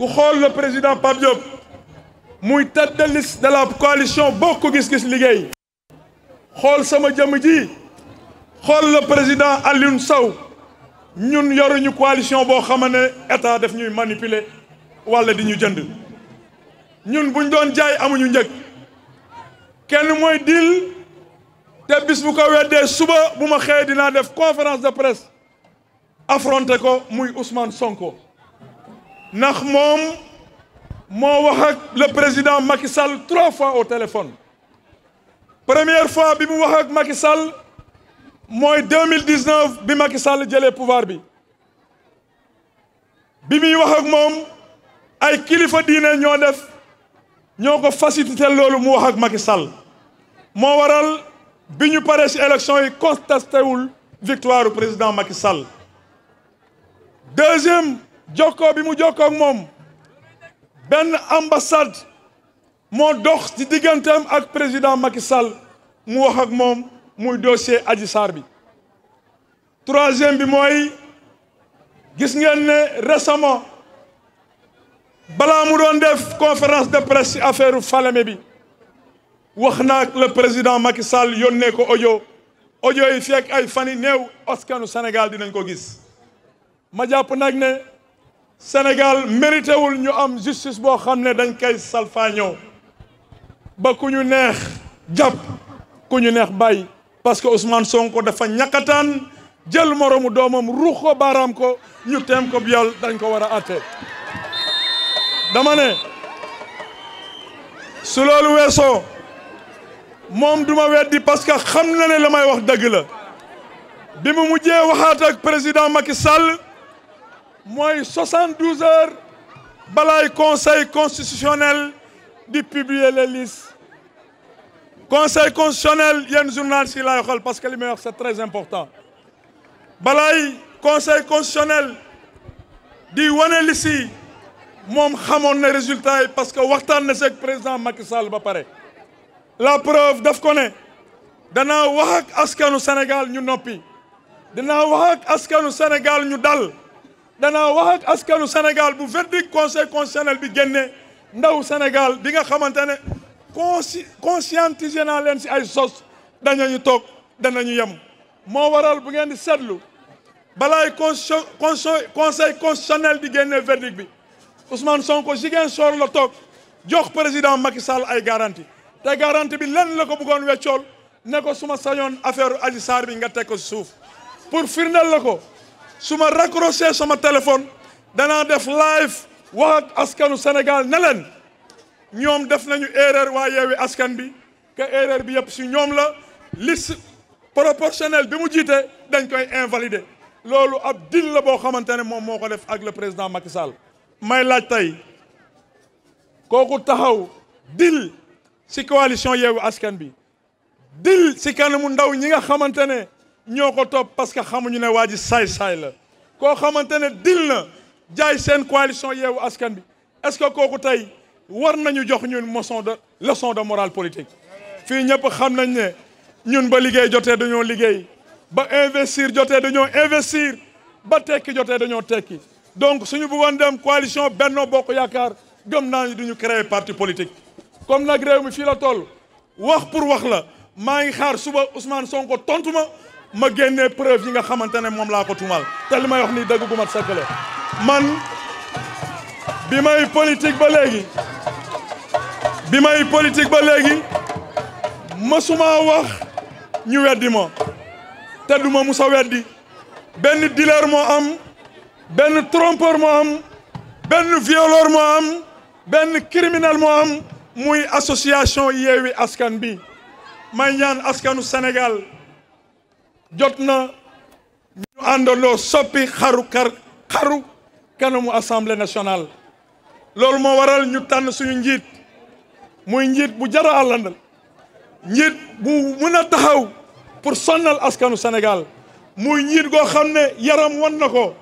ku xool le président Pape Diop muy tête de la coalition bokk gis-gis liggéey xool sama jëmm ji xool le président Alioune Sow ñun yoruñu coalition boo xam ne état def ñuy manipuler wala di ñu jënd ñun buñ doon jaay amuñu njëg kenn mooy deal te bis bu ko weddee suba bu ma xëyee dinaa def conférence de presse affronté ko muy Ousmane Sonko. ndax moom moo wax ak le président Macky Sall trois fois au téléphone première fois bi mu wax ak Macky Sall mooy 2019 bi Macky Sall jëlee pouvoir bi bi muy wax ak moom ay kilifa diine ñoo def ñoo ko facilité loolu mu wax ak Macky Sall moo waral bi ñu paree ci élection yi contesté wul victoire président Macky Sall jokkoo bi mu jokkoo ak moom benn ambassade moo dox ci digganteem ak président Macky Sall mu wax ak moom muy dossier aji sar bi troisième bi mooy gis ngeen ne récemment balaa mu doon def conférence de presse ci affaire Falémé bi wax naa ak le président Macky Sall yónnee ko ojo audio yi fekk ay fan yi néew askanu Sénégal dinañ ko gis ma jàpp nag ne Sénégal mérité wul ñu am justice boo xam ne dañ koy salfaañoo ba ku ñu neex jàpp ku ñu neex bay parce que Ousmane Sonko dafa ñakkataan jël moroomu doomam ruux ko baaraam ko ñu teem ko biyal dañ ko war a àtte dama ne su loolu weesoo moom duma weddi parce que xam na ne la may wax dëgg la bi mu mujjee waxaat ak président Macky Sall mooy 72 heures balaay conseil constitutionnel di publier les listes conseil constitutionnel yenn journalistes yi laay xool parce que li may wax c'est très important balaay conseil constitutionnel di wane li moom xamoon na résultat yi parce que waxtaan ne seeg président Macky Sall ba pare la preuve def ko ne danaa wax ak askanu Sénégal ñu noppi dinaa wax ak askanu Sénégal ñu dal danaa wax ak askanu Sénégal bu verdict conseil constitutionnel bi génne ndaw Sénégal bi nga xamante ne consci conscientiser naa leen si ay sos dañañu toog danañu yem moo waral bu ngeen di seetlu balaay constitution conseil constitutionnel bi génne verdict bi Ousmane Sonko Ziguinchor la toog jox président Macky Sall ay garanti te garantie bi lenn la ko bëggoon weccool ne ko suma sañoon affaire Adji Sarr bi nga teg ko si suuf pour firndeel la ko su ma raccroché sama téléphone danaa def live wax ak askanu Sénégal ne ñoom def nañu erreur waa yeewi askan bi que erreur bi yëpp si ñoom la liste proportionnelle bi mu jiite dañ koy invalider loolu ab dil la boo xamante ne moom moo ko def ak le président Macky Sall may laaj tey kooku taxaw dil si coalition yeewi askan bi dil si kanamu ndaw ñi nga xamante ne ñoo ko topp parce que xamuñu ne waa ji saay-saay la koo xamante ne dil na jaay seen coalition yeewu askan bi est-ce que kooku tey war nañu jox ñun moçon de leçon de morale politique fii ñëpp xam nañ ne ñun ba liggéey jotee dañoo liggéey ba investir jotee dañoo investir ba tekki jotee dañoo tekki donc suñu bëggoon dem coalition Benno Bokk Yaakaar gëm naa ni duñu créer parti politique comme nag réew mi fii la toll wax pour wax la maa ngi xaar suba Ousmane Sonko tontu ma ma génnee preuve yi nga xamante ne moom laa ko tumal te li may wax nii dëgg gu man bi may politique ba léegi bi may politique ba léegi mësuma wax ñu weddi ma te du ma musa weddi benn dealer moo am benn trompeur moo am benn violeur moo am benn criminel moo am muy association Yewwi Askan bi may ñaan askanu senegal jot na ñu àndandoo soppi xaru kar xaru kanamu assemblée nationale loolu moo waral ñu tànn suñu njiit muy njiit bu jara àllandal njiit bu mën a taxaw pour sonnal askanu Sénégal muy njiit goo xam ne yaram wan na ko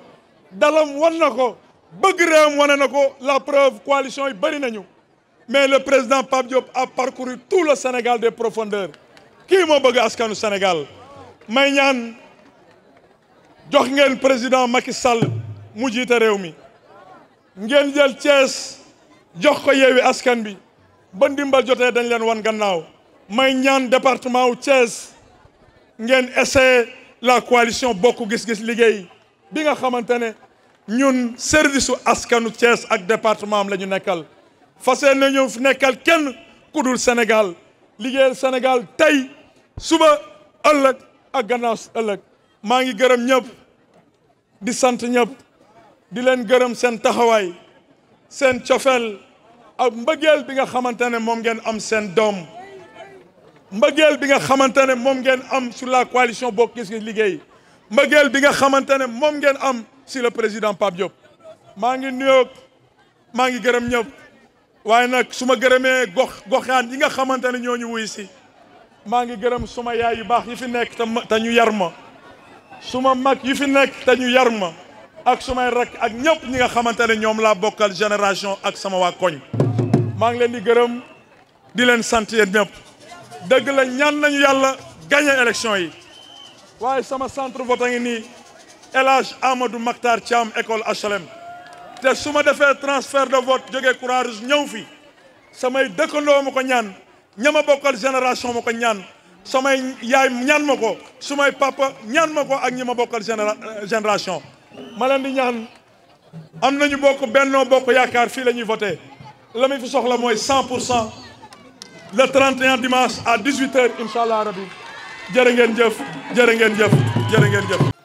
dalam wan na ko bëgg réewam wane na ko la preuve coalition yi bëri nañu mais le président Pape Diop a parcouru tout le Sénégal des profondeurs kii moo bëgg askanu Sénégal may ñaan jox ngeen président Macky Sall mu jiita réew mi ngeen jël Thiès jox ko yeewi askan bi ba ndimbal jotee dañ leen wan gannaaw may ñaan département wu Thiès ngeen essayer la coalition bokk gis-gis liggéey bi nga xamante ne ñun service su askanu Thiès ak département lañu la ñu nekkal fasee na ñu nekkal kenn ku dul Sénégal liggéeyal Sénégal tey suba ëllëg ak gannaaw ëllëg maa ngi gërëm ñëpp di sant ñëpp di leen gërëm seen taxawaay seen cofeel ak mbëggeel bi nga xamante ne moom ngeen am seen doom mbëggeel bi nga xamante ne moom ngeen am sur la coalition Bokk Gis Gis Liggéey mbëggeel bi nga xamante ne moom ngeen am si le président Pape Diop maa ngi nuyoo maa ngi gërëm ñëpp waaye nag su ma gërëmee gox goxaan yi nga xamante ne ñoo ñu wuy si maa ngi gërëm suma yaay yu baax yi fi nekk te ñu yar ma suma mag yi fi nekk te ñu yar ma ak su may rakk ak ñëpp ñi nga xamante ne ñoom laa bokkal génération ak sama waa koñ maa ngi leen di gërëm di leen sant yéen ñëpp dëgg la ñaan nañu yàlla gagné élection yi waaye sama centre vote ngi nii El Hadj Amadou ci am école HLM te su ma defee transfert de vote jógee croix ñëw fi samay dëkkandoo ma ko ñaan ñama bokkal génération ma ko samay yaay ñan ma ko sumay papa ñaan ma ko ak ñi ma bokkal génération ma di ñaan am nañu bokk bennoo bokk yaakaar fii la ñuy voté la muy fi soxla mooy cent pour cent le 31 dimanche à 18 heures incha allah rabi jërë ngeen jëf jërë ngeen jëf jërë ngeen jëf